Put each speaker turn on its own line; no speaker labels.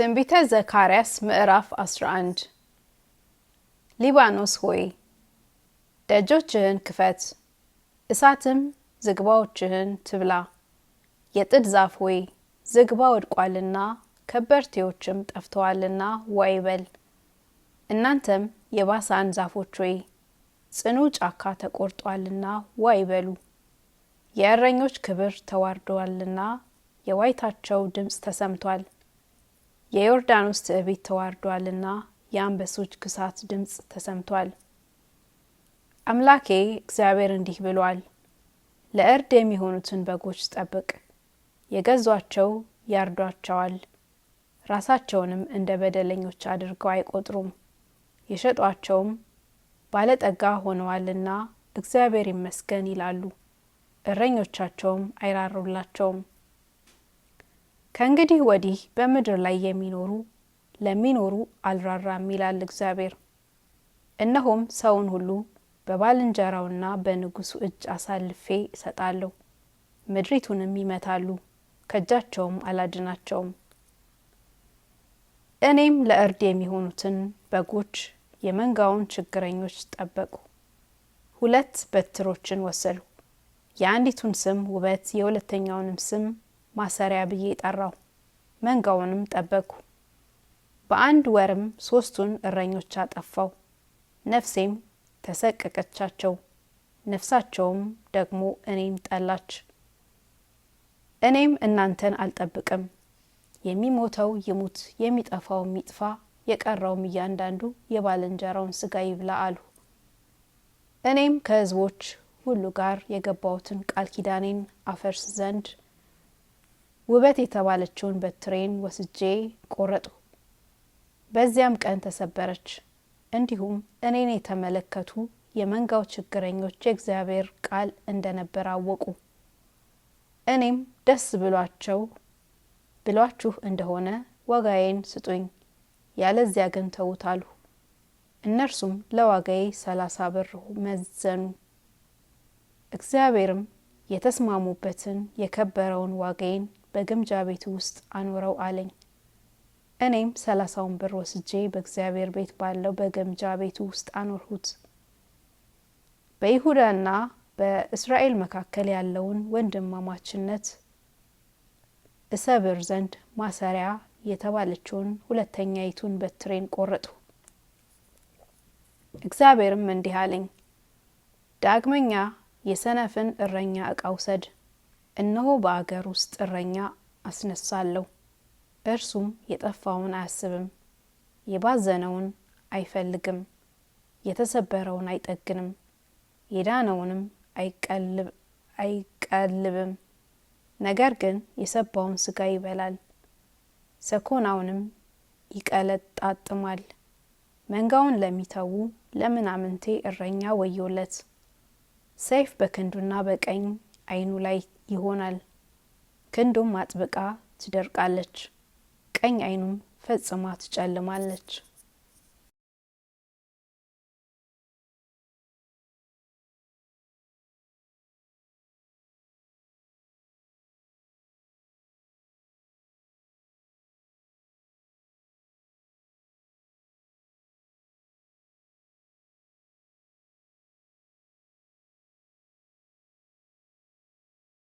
ትንቢተ ዘካርያስ ምዕራፍ 11 ሊባኖስ ሆይ ደጆችህን ክፈት፣ እሳትም ዝግባዎችህን ትብላ። የጥድ ዛፍ ሆይ ዝግባ ወድቋልና ከበርቴዎችም ጠፍተዋልና ዋይ በል። እናንተም የባሳን ዛፎች ሆይ ጽኑ ጫካ ተቆርጧልና ዋይ በሉ። የእረኞች ክብር ተዋርደዋልና የዋይታቸው ድምፅ ተሰምቷል። የዮርዳኖስ ትዕቢት ተዋርዷልና የአንበሶች ክሳት ድምፅ ተሰምቷል። አምላኬ እግዚአብሔር እንዲህ ብሏል፣ ለእርድ የሚሆኑትን በጎች ጠብቅ። የገዟቸው ያርዷቸዋል፣ ራሳቸውንም እንደ በደለኞች አድርገው አይቆጥሩም። የሸጧቸውም ባለጠጋ ሆነዋልና እግዚአብሔር ይመስገን ይላሉ። እረኞቻቸውም አይራሩላቸውም። ከእንግዲህ ወዲህ በምድር ላይ የሚኖሩ ለሚኖሩ አልራራም ይላል እግዚአብሔር። እነሆም ሰውን ሁሉ በባልንጀራውና በንጉሱ እጅ አሳልፌ እሰጣለሁ፣ ምድሪቱንም ይመታሉ፣ ከእጃቸውም አላድናቸውም። እኔም ለእርድ የሚሆኑትን በጎች የመንጋውን ችግረኞች ጠበቁ። ሁለት በትሮችን ወሰዱ፣ የአንዲቱን ስም ውበት፣ የሁለተኛውንም ስም ማሰሪያ ብዬ ጠራው። መንጋውንም ጠበቅኩ። በአንድ ወርም ሶስቱን እረኞች አጠፋው። ነፍሴም ተሰቀቀቻቸው፣ ነፍሳቸውም ደግሞ እኔም ጠላች። እኔም እናንተን አልጠብቅም፣ የሚሞተው ይሙት፣ የሚጠፋውም ይጥፋ፣ የቀረውም እያንዳንዱ የባልንጀራውን ስጋ ይብላ አሉ። እኔም ከህዝቦች ሁሉ ጋር የገባሁትን ቃል ኪዳኔን አፈርስ ዘንድ ውበት የተባለችውን በትሬን ወስጄ ቆረጡ። በዚያም ቀን ተሰበረች። እንዲሁም እኔን የተመለከቱ የመንጋው ችግረኞች የእግዚአብሔር ቃል እንደነበር አወቁ። እኔም ደስ ብሏቸው ብሏችሁ እንደሆነ ዋጋዬን ስጡኝ፣ ያለዚያ ግን ተዉት አሉ። እነርሱም ለዋጋዬ ሰላሳ ብር መዘኑ። እግዚአብሔርም የተስማሙበትን የከበረውን ዋጋዬን በግምጃ ቤቱ ውስጥ አኖረው አለኝ። እኔም ሰላሳውን ብር ወስጄ በእግዚአብሔር ቤት ባለው በግምጃ ቤቱ ውስጥ አኖርሁት። በይሁዳና በእስራኤል መካከል ያለውን ወንድማማችነት እሰብር ዘንድ ማሰሪያ የተባለችውን ሁለተኛይቱን በትሬን ቆረጥሁ። እግዚአብሔርም እንዲህ አለኝ፣ ዳግመኛ የሰነፍን እረኛ እቃ ውሰድ፣ እነሆ በአገር ውስጥ እረኛ አስነሳለሁ። እርሱም የጠፋውን አያስብም፣ የባዘነውን አይፈልግም፣ የተሰበረውን አይጠግንም፣ የዳነውንም አይቀልብም። ነገር ግን የሰባውን ስጋ ይበላል፣ ሰኮናውንም ይቀለጣጥማል። መንጋውን ለሚተዉ ለምናምንቴ እረኛ ወዮለት። ሰይፍ በክንዱና በቀኝ አይኑ ላይ ይሆናል። ክንዱም አጥብቃ ትደርቃለች፣ ቀኝ አይኑም ፈጽማ ትጨልማለች።